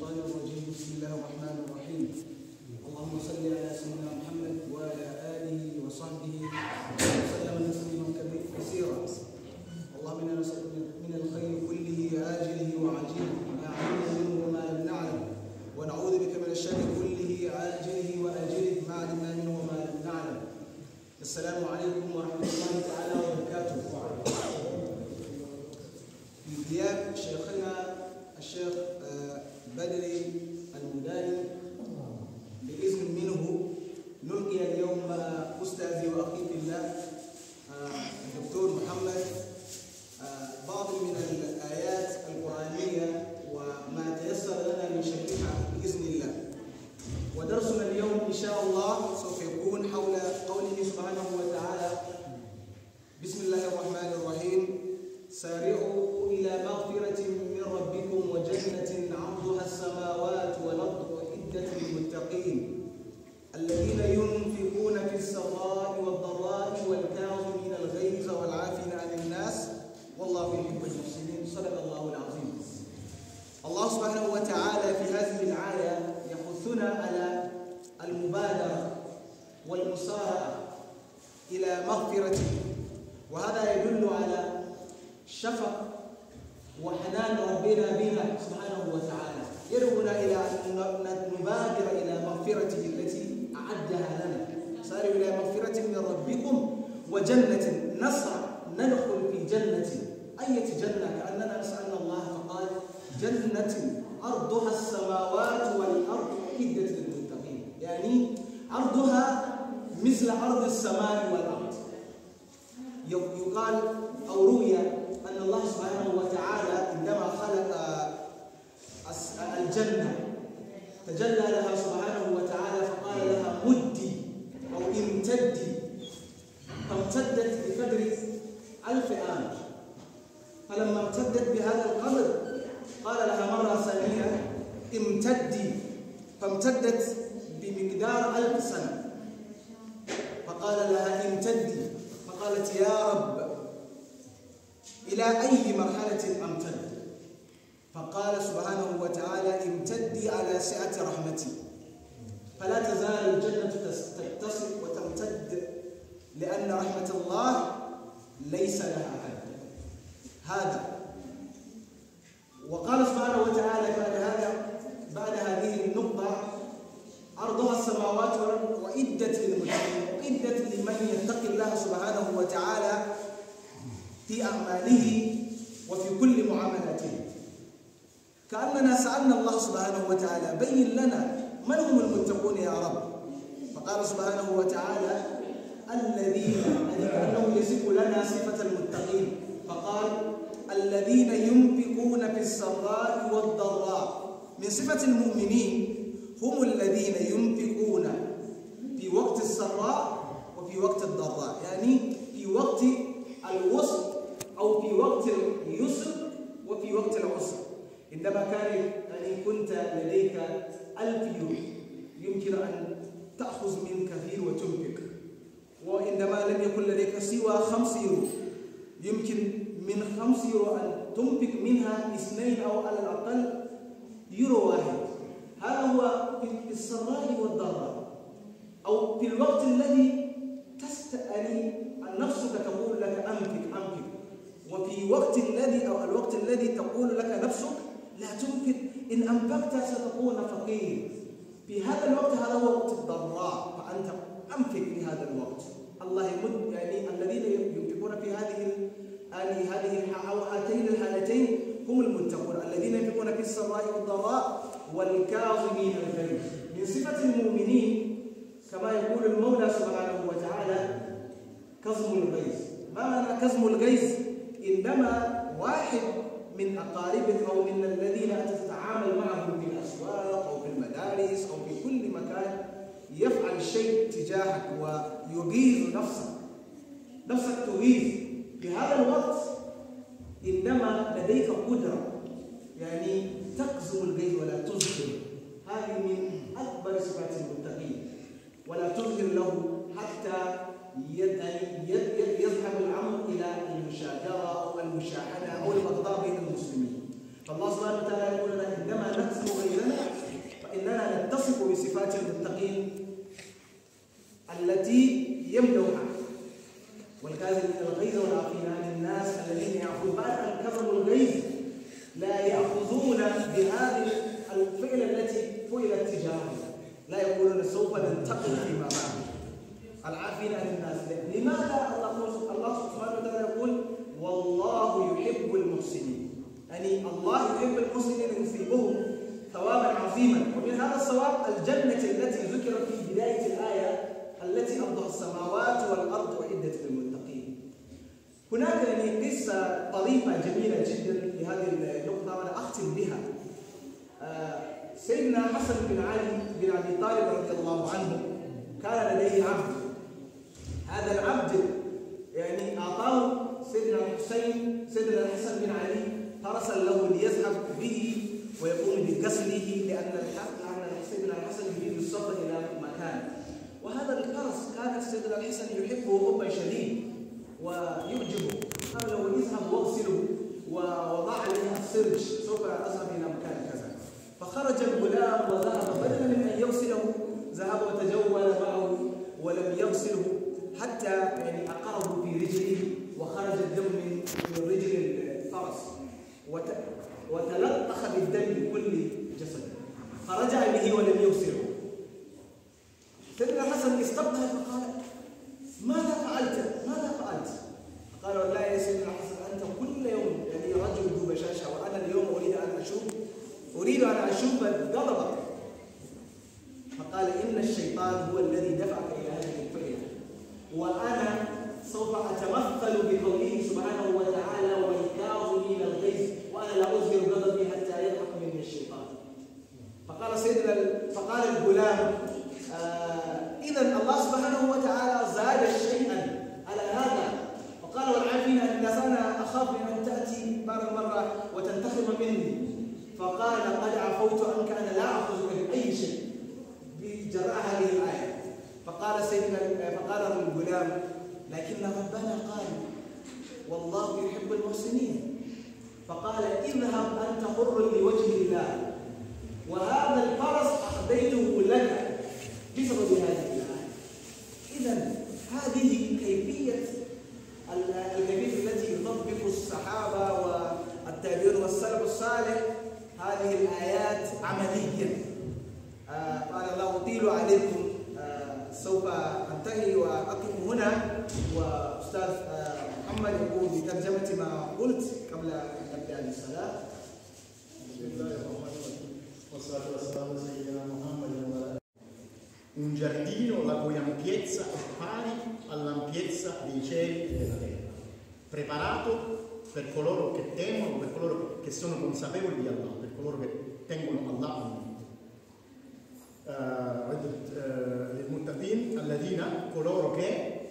الشيطان الرجيم بسم الله الرحمن الرحيم اللهم صل على سيدنا محمد وعلى اله وصحبه وسلم تسليما كثيرا اللهم انا نسالك من الخير كله عاجله وعاجله ما علمنا منه وما لم نعلم ونعوذ بك من الشر كله عاجله واجله ما علمنا منه وما لم نعلم السلام عليكم ورحمه الله تعالى وبركاته في غياب شيخنا الشيخ بدر المداني بإذن منه نلقي اليوم أستاذي وأخي في الله آه، الدكتور محمد آه، بعض من الآيات القرآنية وما تيسر لنا من شرحها بإذن الله ودرسنا اليوم إن شاء الله سوف يكون حول قوله سبحانه وتعالى بسم الله الرحمن الرحيم سارعوا إلى مغفرة ربكم وجنة عرضها السماوات والأرض أعدت للمتقين الذين ينفقون في السراء والضراء والكاظمين الغيظ والعافين عن الناس والله يحب المحسنين صدق الله العظيم الله سبحانه وتعالى في هذه الآية يحثنا على المبادرة والمسارعة إلى مغفرته وهذا يدل على شفق وحنان ربنا بنا سبحانه وتعالى يدعونا إلى أن نبادر إلى مغفرته التي أعدها لنا ساروا إلى مغفرة من ربكم وجنة نسعى ندخل في جنة أية جنة كأننا نسألنا الله فقال جنة أرضها السماوات والأرض أعدت للمتقين يعني أرضها مثل أرض السماء والأرض يقال أو رؤيا إلى أي مرحلة أمتد فقال سبحانه وتعالى امتدي على سعة رحمتي فلا تزال الجنة تتصل وتمتد لأن رحمة الله ليس لها حد هذا وقال سبحانه وتعالى بعد هذا بعد هذه النقطة أرضها السماوات وأدت للمتقين وأدت لمن يتقي في أعماله وفي كل معاملاته كأننا سألنا الله سبحانه وتعالى بين لنا من هم المتقون يا رب فقال سبحانه وتعالى الذين كأنه يصف لنا صفة المتقين فقال الذين ينفقون في السراء والضراء من صفة المؤمنين هم الذين ينفقون في وقت السراء وفي وقت الضراء يعني في وقت الوسط أو في وقت اليسر وفي وقت العسر عندما كان يعني كنت لديك ألف يورو يمكن أن تأخذ من كثير وتنفق وعندما لم يكن لديك سوى خمس يورو يمكن من خمس يورو أن تنفق منها اثنين أو على الأقل يورو واحد هذا هو في السراء والضراء أو في الوقت الذي تستأني يعني نفسك تقول لك أنفق الوقت الذي أو الوقت الذي تقول لك نفسك لا تمكن إن أنفقت ستكون فقير في هذا الوقت هذا هو وقت الضراء فأنت أنفق في هذا الوقت الله يمد يعني الذين ينفقون في هذه يعني هذه أو هاتين الحالتين هم المتقون الذين ينفقون في السراء والضراء والكاظمين الغيظ من صفة المؤمنين كما يقول المولى سبحانه وتعالى كظم الغيظ ما معنى كظم الغيظ عندما واحد من أقاربك أو من الذين تتعامل معهم في الأسواق أو في المدارس أو في كل مكان يفعل شيء تجاهك ويغيظ نفسك نفسك تغيظ في هذا الوقت إنما لديك قدرة يعني تقزم الغيظ ولا تظهر هذه من أكبر صفات المتقين ولا تظهر له حتى يد يد, يد يعني الله يحب المسلمين ويثيبهم ثوابا عظيما ومن هذا الثواب الجنة التي ذكرت في بداية الآية التي أرضها السماوات والأرض وعدة للمتقين هناك يعني قصة طريفة جميلة جدا في هذه النقطة وأنا أختم بها آه، سيدنا حسن بن علي بن أبي طالب رضي الله عنه كان لديه عبد هذا العبد حصل له ليذهب به ويقوم بكسره لأن لأن سيدنا الحسن يريد السفر إلى مكان وهذا القرص كان سيدنا الحسن يحبه حبا شديد ويعجبه قال له اذهب واغسله ووضع عليها السرج سوف أذهب إلى مكان كذا فخرج الغلام وذهب بدلا من أن يغسله ذهب وتجول معه ولم يغسله حتى يعني أقره عليه ولم يوسر لكن ربنا قال والله يحب المحسنين فقال اذهب انت حر لوجه الله وهذا الفرس اخذيته لك بسبب هذه الايه اذا هذه كيفيه الكيفيه التي يطبق الصحابه والتابعين والسلف الصالح هذه الايات عمليا آه، قال لا اطيل عليكم آه، سوف انتهي واقف هنا واستاذ محمد يقوم بترجمه ما قلت قبل ان نبدا الصلاه. Un giardino la cui ampiezza è pari all'ampiezza dei cieli e della terra, preparato per coloro che temono, per coloro che sono consapevoli di Allah, per coloro che tengono Allah للمتقين eh, الذين eh, coloro che,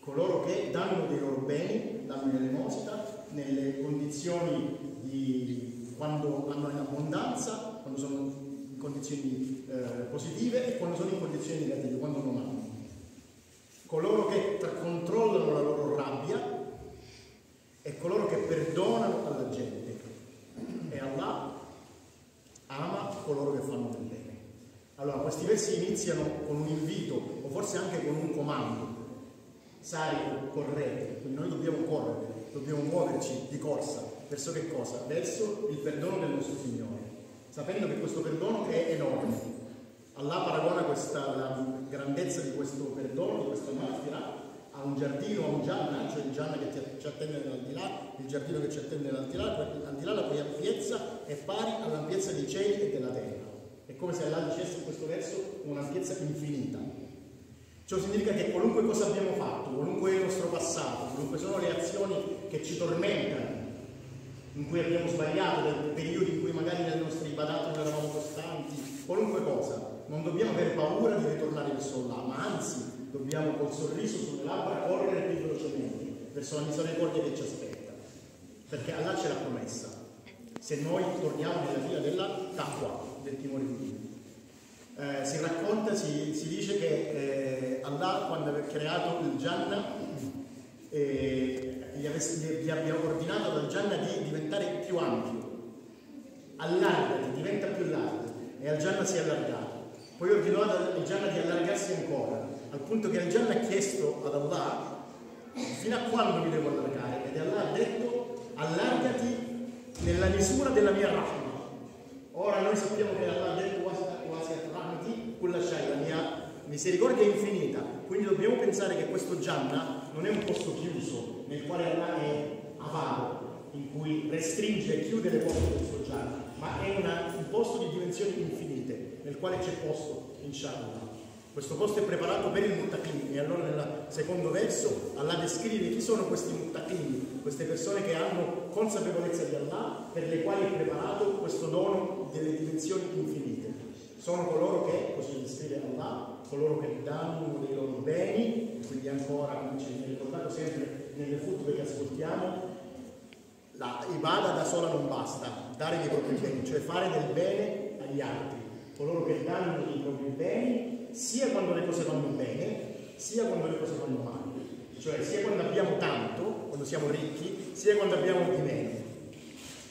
coloro che danno dei loro beni, danno l'elemosina nelle condizioni di quando hanno in abbondanza, quando sono in condizioni eh, positive e quando sono in condizioni negative, quando non hanno. Coloro che controllano la loro rabbia e coloro che perdonano alla gente. E Allah ama coloro che fanno del bene. Allora, questi versi iniziano con un invito o forse anche con un comando. Sai, correte. Quindi noi dobbiamo correre, dobbiamo muoverci di corsa. Verso che cosa? Verso il perdono del nostro Signore. Sapendo che questo perdono è enorme. Allah paragona questa, la grandezza di questo perdono, di questo martirà, a un giardino, a un gianna, cioè il gianna che ti, ci attende nell'antilà, il giardino che ci attende al di là la cui ampiezza è pari all'ampiezza dei cieli e della terra. È come se Allah dicesse in questo verso un'ampiezza infinita. Ciò significa che qualunque cosa abbiamo fatto, qualunque è il nostro passato, qualunque sono le azioni che ci tormentano, in cui abbiamo sbagliato, dai periodi in cui magari nel nostri ibadato non eravamo costanti, qualunque cosa, non dobbiamo avere paura di ritornare verso Allah, ma anzi dobbiamo col sorriso sulle labbra correre più velocemente verso la misericordia che ci aspetta, perché Allah ce l'ha promessa, se noi torniamo nella via della taqwa del timore di Dio. Eh, si racconta, si, si dice che eh, Allah quando aveva creato il Gianna eh, gli, avesse, gli, abbia ordinato dal Jannah di diventare più ampio, allargati, diventa più largo e al Gianna si è allargato. Poi ordinò al Gianna di allargarsi ancora, al punto che il Gianna ha chiesto ad Allah fino a quando mi devo allargare ed Allah ha detto allargati nella misura della mia razza Ora noi sappiamo che Allah ha detto quasi rahmati quella shai, la mia misericordia è infinita, quindi dobbiamo pensare che questo Gianna non è un posto chiuso nel quale Allah è avaro, in cui restringe e chiude le porte del suo Gianna, ma è una, un posto di dimensioni infinite nel quale c'è posto, inshallah. Questo posto è preparato per il muttaqin e allora nel secondo verso Allah descrive chi sono questi muttaqin, queste persone che hanno consapevolezza di Allah per le quali è preparato questo dono delle dimensioni infinite. Sono coloro che, così scrive Allah, coloro che danno dei loro beni, quindi ancora, come ci viene ricordato sempre nelle futture che ascoltiamo, la ibada da sola non basta, dare dei propri beni, cioè fare del bene agli altri. Coloro che danno dei propri beni, sia quando le cose vanno bene, sia quando le cose vanno male. Cioè sia quando abbiamo tanto, quando siamo ricchi, sia quando abbiamo di meno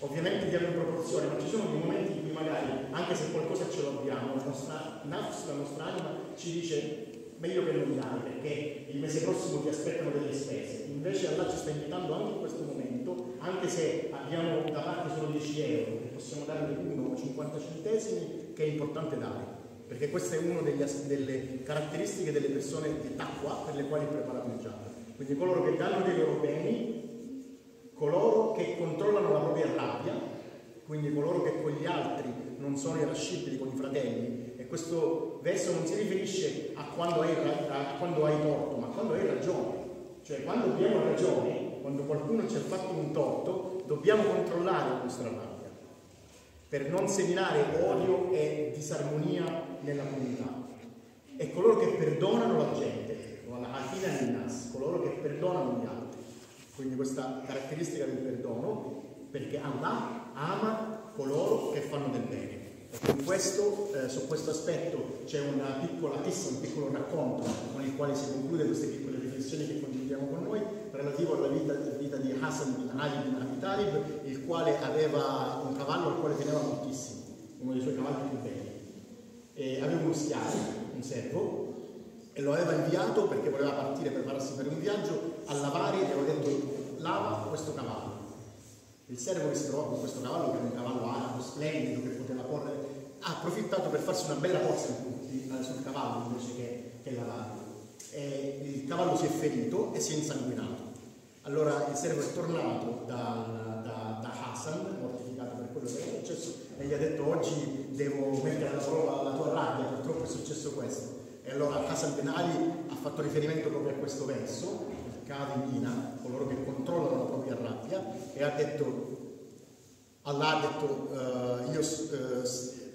ovviamente diamo in proporzione, ma ci sono dei momenti in cui magari, anche se qualcosa ce l'abbiamo, la nostra nafs, la nostra anima ci dice meglio che non dare, perché il mese prossimo ti aspettano delle spese. Invece Allah ci sta invitando anche in questo momento, anche se abbiamo da parte solo 10 euro, che possiamo darne 1 o 50 centesimi, che è importante dare. Perché questa è una delle caratteristiche delle persone di taqwa per le quali è preparato il giallo. Quindi coloro che danno dei loro beni coloro che controllano la propria rabbia, quindi coloro che con gli altri non sono irascibili con i fratelli, e questo verso non si riferisce a quando hai, a quando hai torto, ma a quando hai ragione. Cioè quando abbiamo ragione, quando qualcuno ci ha fatto un torto, dobbiamo controllare la nostra rabbia per non seminare odio e disarmonia nella comunità. E coloro che perdonano la gente, coloro che perdonano gli altri, quindi questa caratteristica del perdono, perché Allah ama coloro che fanno del bene. Questo, eh, su questo aspetto c'è una piccola chissa, un piccolo racconto con il quale si conclude queste piccole riflessioni che condividiamo con noi relativo alla vita, vita di Hassan bin Ali bin Abi Talib, il quale aveva un cavallo al quale teneva moltissimo, uno dei suoi cavalli più belli. E aveva uno schiavo, un servo, e lo aveva inviato perché voleva partire per farsi fare un viaggio a lavare e avevo detto lava questo cavallo. Il servo che si trovò con questo cavallo, che era un cavallo arabo splendido che poteva correre, ha approfittato per farsi una bella forza sul cavallo invece che, che lavarlo. E il cavallo si è ferito e si è insanguinato. Allora il servo è tornato da, da, da Hassan, mortificato per quello che è successo, e gli ha detto oggi devo mettere alla prova la tua rabbia, purtroppo è successo questo. E allora Hassan Ben Ali ha fatto riferimento proprio a questo verso Cadi Mina, coloro che controllano la propria rabbia, e ha detto, Allah ha detto, uh, io uh,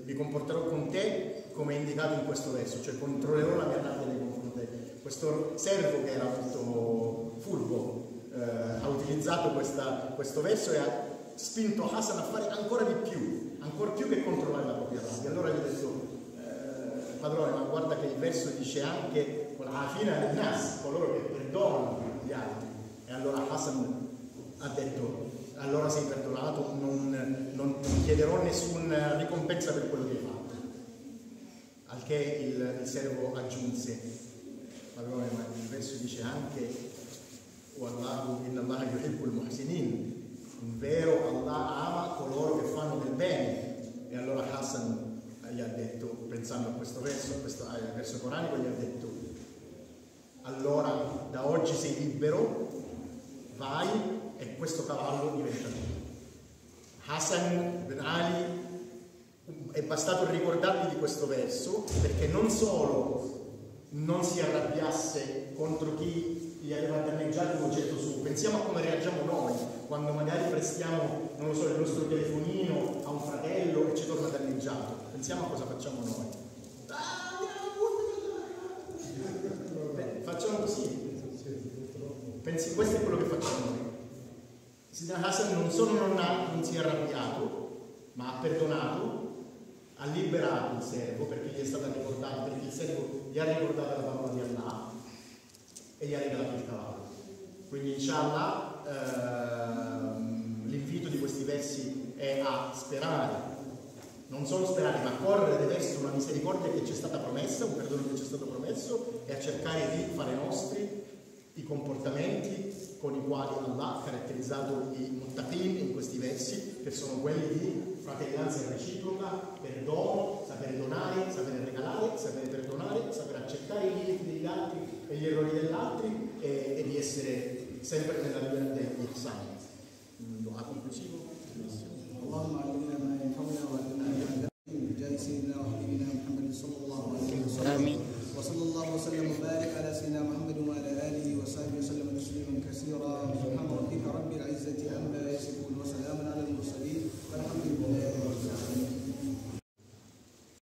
mi comporterò con te come indicato in questo verso, cioè controllerò la mia rabbia nei confronti di te. Questo servo che era molto furbo uh, ha utilizzato questa, questo verso e ha spinto Hassan a fare ancora di più, ancora più che controllare la propria rabbia. Allora gli ho detto, padrone, ma guarda che il verso dice anche alla fine del coloro che perdonano agli altri. E allora Hassan ha detto allora sei perdonato, non, non, non chiederò nessuna ricompensa per quello che hai fatto. Al che il, il servo aggiunse, ma il verso dice anche Wallahu vero Allah ama coloro che fanno del bene. E allora Hassan gli ha detto, pensando a questo verso, a questo verso coranico, gli ha detto allora da oggi sei libero, vai e questo cavallo diventa tuo. Hassan Ben Ali um, è bastato ricordargli di questo verso perché non solo non si arrabbiasse contro chi gli aveva danneggiato un oggetto suo, pensiamo a come reagiamo noi quando magari prestiamo, non lo so, il nostro telefonino a un fratello e ci torna danneggiato, pensiamo a cosa facciamo noi. Ah! Pensi, questo è quello che facciamo noi. il Sidna Hassan non solo non, ha, non si è arrabbiato, ma ha perdonato, ha liberato il servo perché gli è stata ricordata, perché il servo gli ha ricordato la parola di Allah e gli ha regalato il cavallo. Quindi inshallah ehm, l'invito di questi versi è a sperare, non solo sperare, ma correre verso una misericordia che ci è stata promessa, un perdono che ci è stato promesso e a cercare di fare nostri i comportamenti con i quali Allah ha caratterizzato i muttaqin in questi versi, che sono quelli di fratellanza reciproca, perdono, sapere donare, sapere regalare, sapere perdonare, sapere accettare gli limiti degli altri e gli errori dell'altro e, e, di essere sempre nella via degli sani. Lo mm, ha conclusivo? Allahumma